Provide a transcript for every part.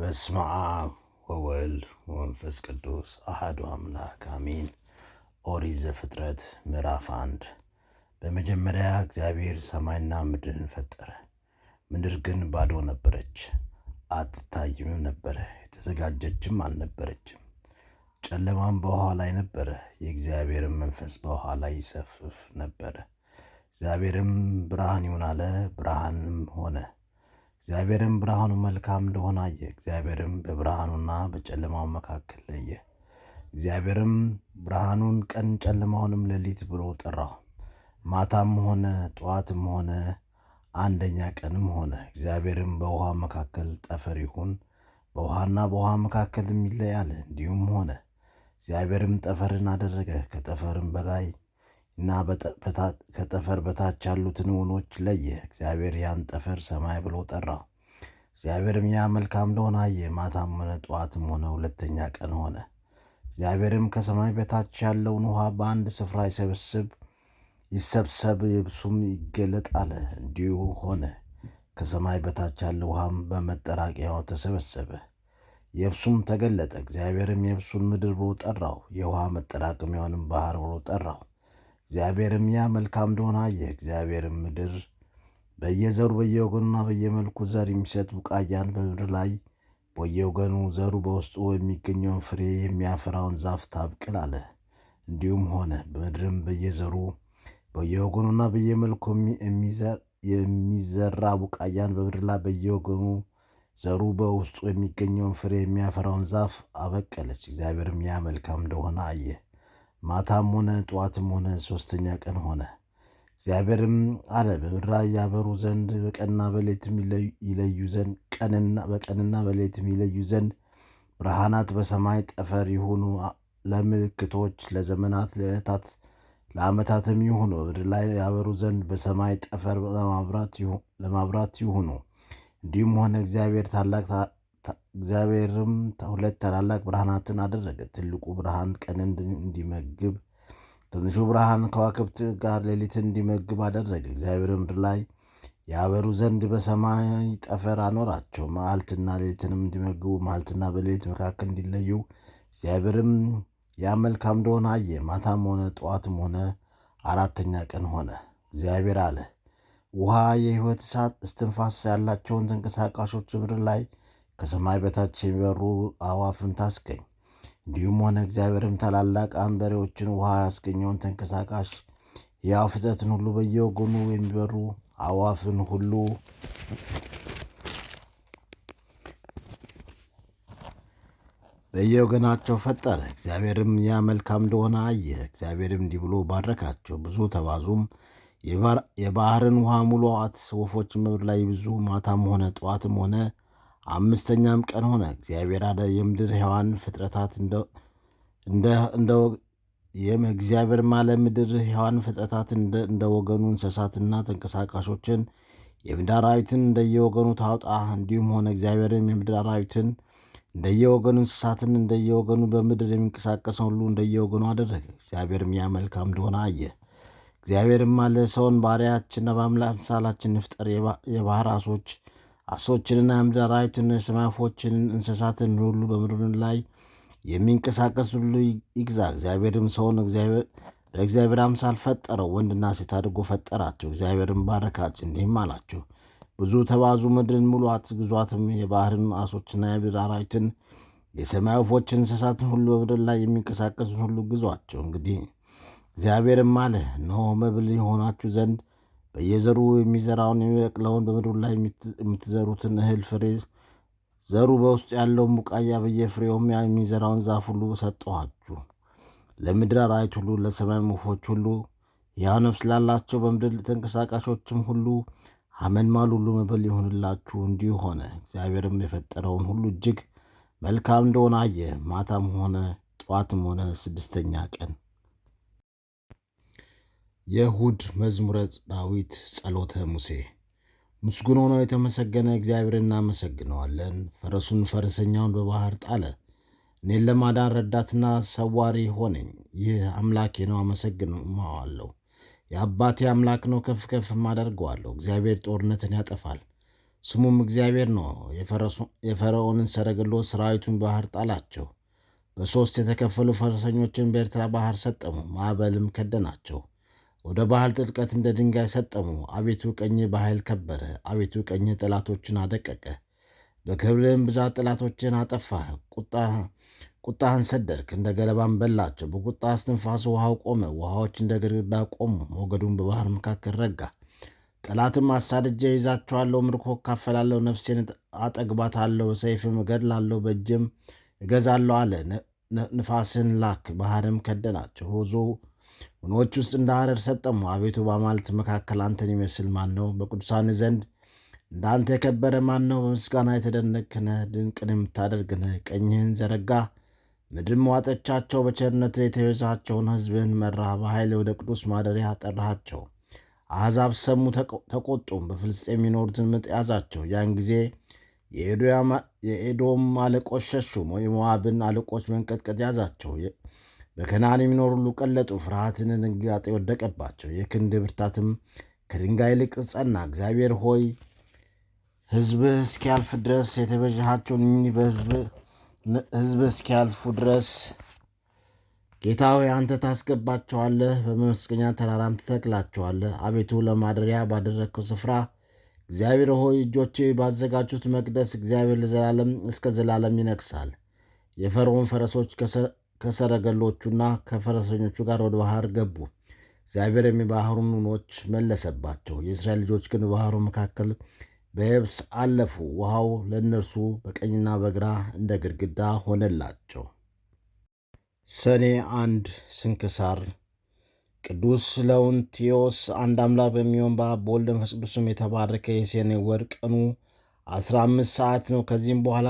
በስመ አብ ወወልድ ወመንፈስ ቅዱስ አሐዱ አምላክ አሜን። ኦሪት ዘፍጥረት ምዕራፍ አንድ በመጀመሪያ እግዚአብሔር ሰማይና ምድርን ፈጠረ። ምድር ግን ባዶ ነበረች፣ አትታይም ነበረ፣ የተዘጋጀችም አልነበረችም። ጨለማም በውሃ ላይ ነበረ፣ የእግዚአብሔርም መንፈስ በውሃ ላይ ይሰፍፍ ነበረ። እግዚአብሔርም ብርሃን ይሁን አለ፣ ብርሃንም ሆነ። እግዚአብሔርም ብርሃኑ መልካም እንደሆነ አየ። እግዚአብሔርም በብርሃኑና በጨለማው መካከል ለየ። እግዚአብሔርም ብርሃኑን ቀን ጨለማውንም ሌሊት ብሎ ጠራው። ማታም ሆነ ጠዋትም ሆነ አንደኛ ቀንም ሆነ። እግዚአብሔርም በውሃ መካከል ጠፈር ይሁን፣ በውሃና በውሃ መካከል ይለያል። እንዲሁም ሆነ። እግዚአብሔርም ጠፈርን አደረገ፣ ከጠፈርም በላይ እና ከጠፈር በታች ያሉትን ውኖች ለየ። እግዚአብሔር ያን ጠፈር ሰማይ ብሎ ጠራው። እግዚአብሔርም ያ መልካም እንደሆነ አየ። ማታም ሆነ ጠዋትም ሆነ ሁለተኛ ቀን ሆነ። እግዚአብሔርም ከሰማይ በታች ያለውን ውሃ በአንድ ስፍራ ይሰብስብ ይሰብሰብ የብሱም ይገለጥ አለ። እንዲሁ ሆነ። ከሰማይ በታች ያለ ውሃም በመጠራቂያው ተሰበሰበ፣ የብሱም ተገለጠ። እግዚአብሔርም የብሱን ምድር ብሎ ጠራው፣ የውሃ መጠራቀሚያውንም ባህር ብሎ ጠራው። እግዚአብሔርም ያ መልካም እንደሆነ አየ። እግዚአብሔርም ምድር በየዘሩ በየወገኑና በየመልኩ ዘር የሚሰጥ ቡቃያን በምድር ላይ በየወገኑ ዘሩ በውስጡ የሚገኘውን ፍሬ የሚያፈራውን ዛፍ ታብቅል አለ። እንዲሁም ሆነ። በምድርም በየዘሩ በየወገኑና በየመልኩ የሚዘራ ቡቃያን በምድር ላይ በየወገኑ ዘሩ በውስጡ የሚገኘውን ፍሬ የሚያፈራውን ዛፍ አበቀለች። እግዚአብሔርም ያ መልካም እንደሆነ አየ። ማታም ሆነ ጠዋትም ሆነ ሦስተኛ ቀን ሆነ። እግዚአብሔርም አለ፣ በምድር ያበሩ ዘንድ በቀንና በሌትም ይለዩ ዘንድ ቀንና በቀንና በሌትም ይለዩ ዘንድ ብርሃናት በሰማይ ጠፈር ይሁኑ፣ ለምልክቶች፣ ለዘመናት፣ ለዕለታት፣ ለዓመታትም ይሁኑ። በምድር ላይ ያበሩ ዘንድ በሰማይ ጠፈር ለማብራት ይሁኑ። እንዲሁም ሆነ። እግዚአብሔር ታላቅ እግዚአብሔርም ሁለት ታላላቅ ብርሃናትን አደረገ። ትልቁ ብርሃን ቀንን እንዲመግብ፣ ትንሹ ብርሃን ከዋክብት ጋር ሌሊትን እንዲመግብ አደረገ። እግዚአብሔር ምድር ላይ ያበሩ ዘንድ በሰማይ ጠፈር አኖራቸው። መዓልትና ሌሊትንም እንዲመግቡ፣ መዓልትና በሌሊት መካከል እንዲለዩ እግዚአብሔርም ያ መልካም እንደሆነ አየ። ማታም ሆነ ጠዋትም ሆነ አራተኛ ቀን ሆነ። እግዚአብሔር አለ፣ ውሃ የሕይወት እሳት እስትንፋስ ያላቸውን ተንቀሳቃሾች ምድር ላይ ከሰማይ በታች የሚበሩ አዋፍን ታስገኝ። እንዲሁም ሆነ። እግዚአብሔርም ታላላቅ አንበሬዎችን ውሃ ያስገኘውን ተንቀሳቃሽ ያው ፍጥረትን ሁሉ በየወገኑ የሚበሩ አዋፍን ሁሉ በየወገናቸው ፈጠረ። እግዚአብሔርም ያ መልካም እንደሆነ አየ። እግዚአብሔርም እንዲህ ብሎ ባረካቸው፣ ብዙ ተባዙም፣ የባህርን ውሃ ሙሉአት። ወፎች በምድር ላይ ብዙ ማታም ሆነ ጠዋትም ሆነ አምስተኛም ቀን ሆነ፣ እግዚአብሔር አለ የምድር ሕያዋን ፍጥረታት እንደ እግዚአብሔር ማለ ምድር ሕያዋን ፍጥረታት እንደ ወገኑ እንስሳትና ተንቀሳቃሾችን የምድር አራዊትን እንደየወገኑ ታውጣ። እንዲሁም ሆነ። እግዚአብሔርም የምድር አራዊትን እንደየወገኑ እንስሳትን እንደየወገኑ በምድር የሚንቀሳቀሰው ሁሉ እንደየወገኑ አደረገ። እግዚአብሔርም ያ መልካም እንደሆነ አየ። እግዚአብሔርም አለ ሰውን በአርአያችንና ምሳላችን ንፍጠር፣ የባህር ዓሦች አሶችንና ምድር ትንሽ ማፎችን እንስሳትን ሁሉ በምድር ላይ የሚንቀሳቀስ ሁሉ ይግዛ። እግዚአብሔርም ሰውን በእግዚአብሔር አምሳል ፈጠረው፣ ወንድና ሴት አድርጎ ፈጠራቸው። እግዚአብሔርም ባረካቸው፣ እንዲህም አላቸው፦ ብዙ ተባዙ፣ ምድርን ሙሏት፣ ግዟትም። የባህርን አሶችና የምድር አራዊትን፣ የሰማይ ወፎችን፣ እንስሳትን ሁሉ በምድር ላይ የሚንቀሳቀሱን ሁሉ ግዟቸው። እንግዲህ እግዚአብሔርም አለ፣ እነሆ መብል የሆናችሁ ዘንድ በየዘሩ የሚዘራውን የሚበቅለውን በምድሩ ላይ የምትዘሩትን እህል ፍሬ ዘሩ በውስጡ ያለውን ቡቃያ በየፍሬውም የሚዘራውን ዛፍ ሁሉ ሰጠኋችሁ። ለምድር አራዊት ሁሉ፣ ለሰማይ ወፎች ሁሉ፣ ሕያው ነፍስ ላላቸው በምድር ተንቀሳቃሾችም ሁሉ አመንማል ሁሉ መብል ይሆንላችሁ። እንዲሁ ሆነ። እግዚአብሔርም የፈጠረውን ሁሉ እጅግ መልካም እንደሆነ አየ። ማታም ሆነ ጠዋትም ሆነ ስድስተኛ ቀን የእሁድ መዝሙረ ዳዊት ጸሎተ ሙሴ። ምስጉን ሆኖ የተመሰገነ እግዚአብሔር እናመሰግነዋለን። ፈረሱን ፈረሰኛውን በባህር ጣለ። እኔን ለማዳን ረዳትና ሰዋሪ ሆነኝ። ይህ አምላኬ ነው፣ አመሰግነዋለሁ። የአባቴ አምላክ ነው፣ ከፍ ከፍም አደርገዋለሁ። እግዚአብሔር ጦርነትን ያጠፋል፣ ስሙም እግዚአብሔር ነው። የፈርዖንን ሰረገሎች ሰራዊቱን ባህር ጣላቸው። በሦስት የተከፈሉ ፈረሰኞችን በኤርትራ ባህር ሰጠሙ፣ ማዕበልም ከደናቸው። ወደ ባህል ጥልቀት እንደ ድንጋይ ሰጠሙ። አቤቱ ቀኝ በኃይል ከበረ። አቤቱ ቀኝ ጠላቶችን አደቀቀ። በክብርህም ብዛት ጠላቶችን አጠፋህ። ቁጣህን ሰደድክ፣ እንደ ገለባን በላቸው። በቁጣ እስትንፋስ ውሃው ቆመ። ውሃዎች እንደ ግርግዳ ቆሙ። ሞገዱን በባህር መካከል ረጋ። ጠላትም አሳድጄ ይዛቸዋለሁ፣ ምርኮ እካፈላለሁ፣ ነፍሴን አጠግባታለሁ፣ በሰይፍም እገድላለሁ፣ በእጅም እገዛለሁ አለ። ንፋስን ላክ፣ ባህርም ከደናቸው። ሆዞ ወኖች ውስጥ እንደ ሐረር ሰጠሙ አቤቱ በአማልት መካከል አንተን ይመስል ማን ነው? በቅዱሳን ዘንድ እንዳንተ የከበረ ማን ነው? በምስጋና የተደነክነ ድንቅን የምታደርግነ ቀኝህን ዘረጋ ምድርም ዋጠቻቸው። በቸርነት የተበዛቸውን ሕዝብህን መራህ፣ በኃይል ወደ ቅዱስ ማደሪያ ጠራሃቸው። አሕዛብ ሰሙ ተቆጡም፣ በፍልስጤም የሚኖሩትን ምጥ ያዛቸው። ያን ጊዜ የኤዶም አለቆች ሸሹ፣ የሞዓብን አለቆች መንቀጥቀጥ ያዛቸው። በከነዓን የሚኖር ሁሉ ቀለጡ፣ ፍርሃትን ድንጋጤ ወደቀባቸው፣ የክንድ ብርታትም ከድንጋይ ይልቅ ጸና። እግዚአብሔር ሆይ ሕዝብህ እስኪያልፍ ድረስ የተቤዠሃቸውን ሕዝብ እስኪያልፉ ድረስ ጌታ ሆይ አንተ ታስገባቸዋለህ፣ በመመስገኛ ተራራም ትተክላቸዋለህ። አቤቱ ለማደሪያ ባደረግከው ስፍራ እግዚአብሔር ሆይ እጆቼ ባዘጋጁት መቅደስ እግዚአብሔር ለዘላለም እስከ ዘላለም ይነግሣል። የፈርዖን ፈረሶች ከሰረገሎቹና ከፈረሰኞቹ ጋር ወደ ባህር ገቡ። እግዚአብሔር የሚባህሩ ውኆች መለሰባቸው። የእስራኤል ልጆች ግን በባህሩ መካከል በየብስ አለፉ። ውሃው ለእነርሱ በቀኝና በግራ እንደ ግድግዳ ሆነላቸው። ሰኔ አንድ ስንክሳር ቅዱስ ለውንቲዮስ አንድ አምላክ በሚሆን በአብ በወልድ በመንፈስ ቅዱስም የተባረከ የሰኔ ወር ቀኑ አስራ አምስት ሰዓት ነው። ከዚህም በኋላ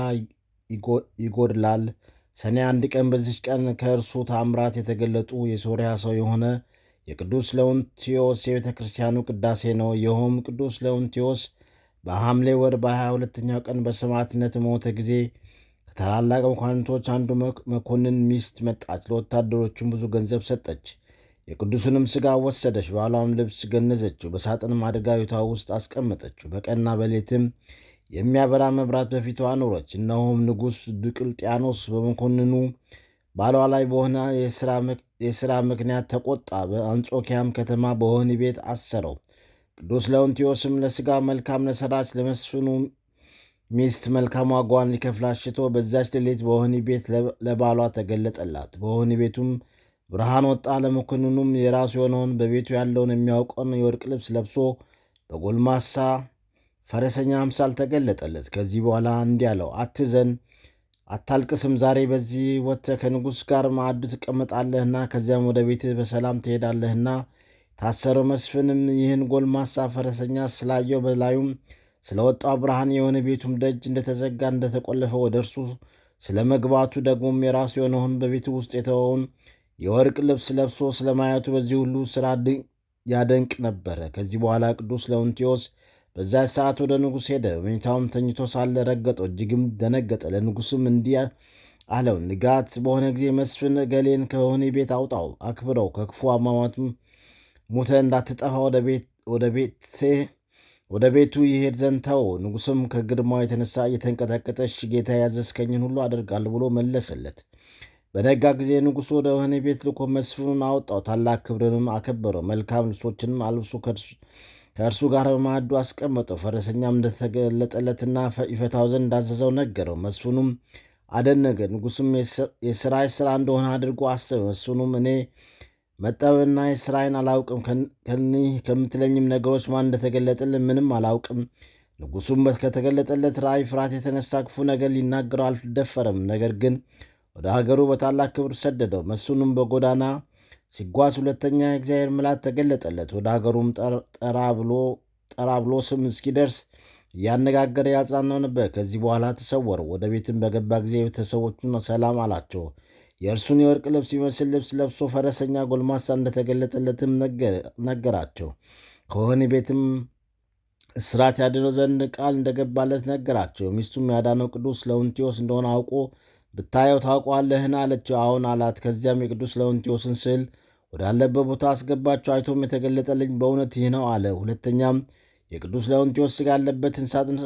ይጎድላል ሰኔ አንድ ቀን በዚች ቀን ከእርሱ ታምራት የተገለጡ የሶርያ ሰው የሆነ የቅዱስ ለውንቲዮስ የቤተ ክርስቲያኑ ቅዳሴ ነው። ይኸውም ቅዱስ ለውንቲዮስ በሐምሌ ወር በሃያ ሁለተኛው ቀን በሰማዕትነት በሞተ ጊዜ ከታላላቅ መኳንንቶች አንዱ መኮንን ሚስት መጣች። ለወታደሮቹም ብዙ ገንዘብ ሰጠች። የቅዱሱንም ሥጋ ወሰደች፣ ባሏም ልብስ ገነዘችው፣ በሳጥንም አድርጋ ቤቷ ውስጥ አስቀመጠችው። በቀንና በሌትም የሚያበራ መብራት በፊቷ አኖረች። እነሆም ንጉሥ ዱቅልጥያኖስ በመኮንኑ ባሏ ላይ በሆነ የሥራ ምክንያት ተቆጣ። በአንጾኪያም ከተማ በወህኒ ቤት አሰረው። ቅዱስ ለውንቲዮስም ለሥጋ መልካም ለሠራች ለመስፍኑ ሚስት መልካም ዋጓን ሊከፍላት ሽቶ በዛች ሌሊት በወህኒ ቤት ለባሏ ተገለጠላት። በወህኒ ቤቱም ብርሃን ወጣ። ለመኮንኑም የራሱ የሆነውን በቤቱ ያለውን የሚያውቀውን የወርቅ ልብስ ለብሶ በጎልማሳ ፈረሰኛ አምሳል ተገለጠለት። ከዚህ በኋላ እንዲህ አለው፣ አትዘን፣ አታልቅስም። ዛሬ በዚህ ወጥተህ ከንጉሥ ጋር ማዕዱ ትቀመጣለህና ከዚያም ወደ ቤትህ በሰላም ትሄዳለህና። ታሰረው መስፍንም ይህን ጎልማሳ ፈረሰኛ ስላየው በላዩም ስለወጣው ብርሃን የሆነ ቤቱም ደጅ እንደተዘጋ እንደተቆለፈ ወደ እርሱ ስለ መግባቱ ደግሞም የራሱ የሆነውን በቤቱ ውስጥ የተወውን የወርቅ ልብስ ለብሶ ስለማየቱ በዚህ ሁሉ ስራ ያደንቅ ነበረ። ከዚህ በኋላ ቅዱስ ለውንቴዎስ በዛ ሰዓት ወደ ንጉሥ ሄደ። ሁኔታውም ተኝቶ ሳለ ረገጠው፣ እጅግም ደነገጠ። ለንጉሥም እንዲህ አለው፣ ንጋት በሆነ ጊዜ መስፍን ገሌን ከሆኔ ቤት አውጣው፣ አክብረው፣ ከክፉ አሟሟትም ሙተ እንዳትጠፋ ወደ ቤቱ ይሄድ ዘንተው ንጉስም ንጉሥም ከግርማው የተነሳ እየተንቀጠቀጠ ጌታ ያዘዝከኝን ሁሉ አደርጋለሁ ብሎ መለሰለት። በነጋ ጊዜ ንጉሡ ወደ ወህኒ ቤት ልኮ መስፍኑን አወጣው፣ ታላቅ ክብርንም አከበረው። መልካም ልብሶችንም አልብሶ ከእርሱ ጋር በማዕዱ አስቀመጠው። ፈረሰኛም እንደተገለጠለትና ይፈታው ዘንድ እንዳዘዘው ነገረው። መስፍኑም አደነገ። ንጉሱም የሥራይ ሥራ እንደሆነ አድርጎ አሰበ። መስፍኑም እኔ መጠብና የሥራይን አላውቅም፣ ከኒህ ከምትለኝም ነገሮች ማን እንደተገለጠልን ምንም አላውቅም። ንጉሡም ከተገለጠለት ራእይ ፍርሃት የተነሳ ክፉ ነገር ሊናገረው አልደፈረም። ነገር ግን ወደ ሀገሩ በታላቅ ክብር ሰደደው። መስፍኑም በጎዳና ሲጓዝ ሁለተኛ የእግዚአብሔር ምላት ተገለጠለት። ወደ አገሩም ጠራ ብሎ ስም እስኪደርስ እያነጋገረ ያጽናናው ነበር። ከዚህ በኋላ ተሰወረው ወደ ቤትም በገባ ጊዜ ቤተሰቦቹን ሰላም አላቸው። የእርሱን የወርቅ ልብስ ይመስል ልብስ ለብሶ ፈረሰኛ ጎልማሳ እንደተገለጠለትም ነገራቸው። ከወህኒ ቤትም እስራት ያድነው ዘንድ ቃል እንደገባለት ነገራቸው። ሚስቱም ያዳነው ቅዱስ ለውንቲዎስ እንደሆነ አውቆ ብታየው ታውቋለህን? አለችው። አሁን አላት። ከዚያም የቅዱስ ለውንቲዎስን ስዕል ወዳለበት ቦታ አስገባቸው። አይቶም የተገለጠልኝ በእውነት ይህ ነው አለ። ሁለተኛም የቅዱስ ለውንቲዎስ ሥጋ ያለበትን ሳጥን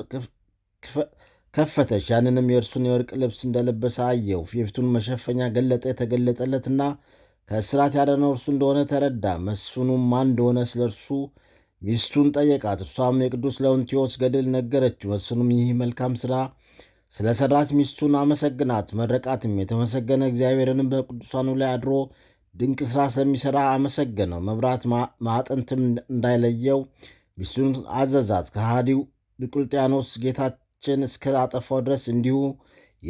ከፈተች። ያንንም የእርሱን የወርቅ ልብስ እንደለበሰ አየሁ። የፊቱን መሸፈኛ ገለጠ። የተገለጠለትና ከእስራት ያዳነው እርሱ እንደሆነ ተረዳ። መስፍኑም ማን እንደሆነ ስለ እርሱ ሚስቱን ጠየቃት። እርሷም የቅዱስ ለውንቲዎስ ገድል ነገረችው። መስፍኑም ይህ መልካም ሥራ ስለ ሠራች ሚስቱን አመሰግናት፣ መረቃትም። የተመሰገነ እግዚአብሔርንም በቅዱሳኑ ላይ አድሮ ድንቅ ሥራ ስለሚሠራ አመሰገነው። መብራት ማዕጠንትም እንዳይለየው ሚስቱን አዘዛት። ከሃዲው ዲዮቅልጥያኖስ ጌታችን እስከ አጠፋው ድረስ እንዲሁ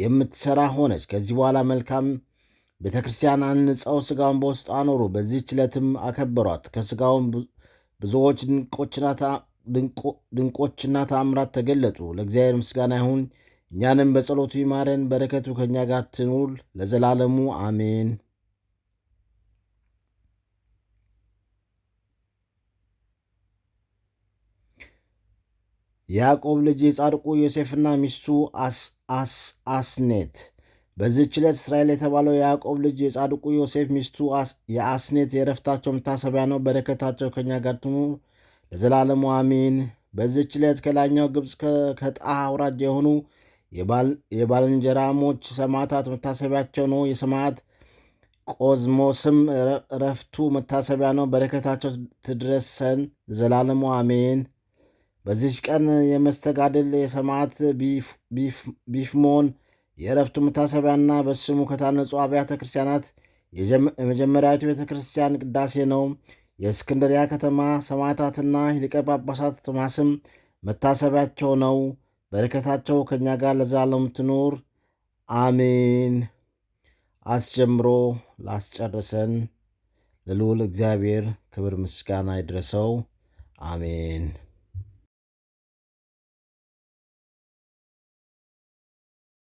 የምትሠራ ሆነች። ከዚህ በኋላ መልካም ቤተ ክርስቲያን አንጸው ሥጋውን በውስጡ አኖሩ። በዚህ ችለትም አከበሯት። ከሥጋውም ብዙዎች ድንቆችና ተአምራት ተገለጡ። ለእግዚአብሔር ምስጋና ይሁን። እኛንም በጸሎቱ ይማረን፣ በረከቱ ከእኛ ጋር ትኑር ለዘላለሙ አሜን። የያዕቆብ ልጅ የጻድቁ ዮሴፍና ሚስቱ አስኔት። በዚች ዕለት እስራኤል የተባለው የያዕቆብ ልጅ የጻድቁ ዮሴፍ ሚስቱ የአስኔት የእረፍታቸው መታሰቢያ ነው። በረከታቸው ከኛ ጋር ትኑር ለዘላለሙ አሜን። በዚች ዕለት ከላይኛው ግብፅ ከጣህ አውራጅ የሆኑ የባልንጀራሞች ሰማዕታት መታሰቢያቸው ነው። የሰማዕት ቆዝሞስም እረፍቱ መታሰቢያ ነው። በረከታቸው ትድረሰን ለዘላለሙ አሜን። በዚች ቀን የመስተጋድል የሰማዕት ቢፍሞን የእረፍቱ መታሰቢያና በስሙ ከታነጹ አብያተ ክርስቲያናት የመጀመሪያዊቱ ቤተ ክርስቲያን ቅዳሴ ነው። የእስክንድሪያ ከተማ ሰማዕታትና ሊቀ ጳጳሳት ቶማስም መታሰቢያቸው ነው። በረከታቸው ከእኛ ጋር ለዛለም ትኑር አሜን። አስጀምሮ ላስጨርሰን ለልዑል እግዚአብሔር ክብር ምስጋና ይድረሰው፣ አሜን።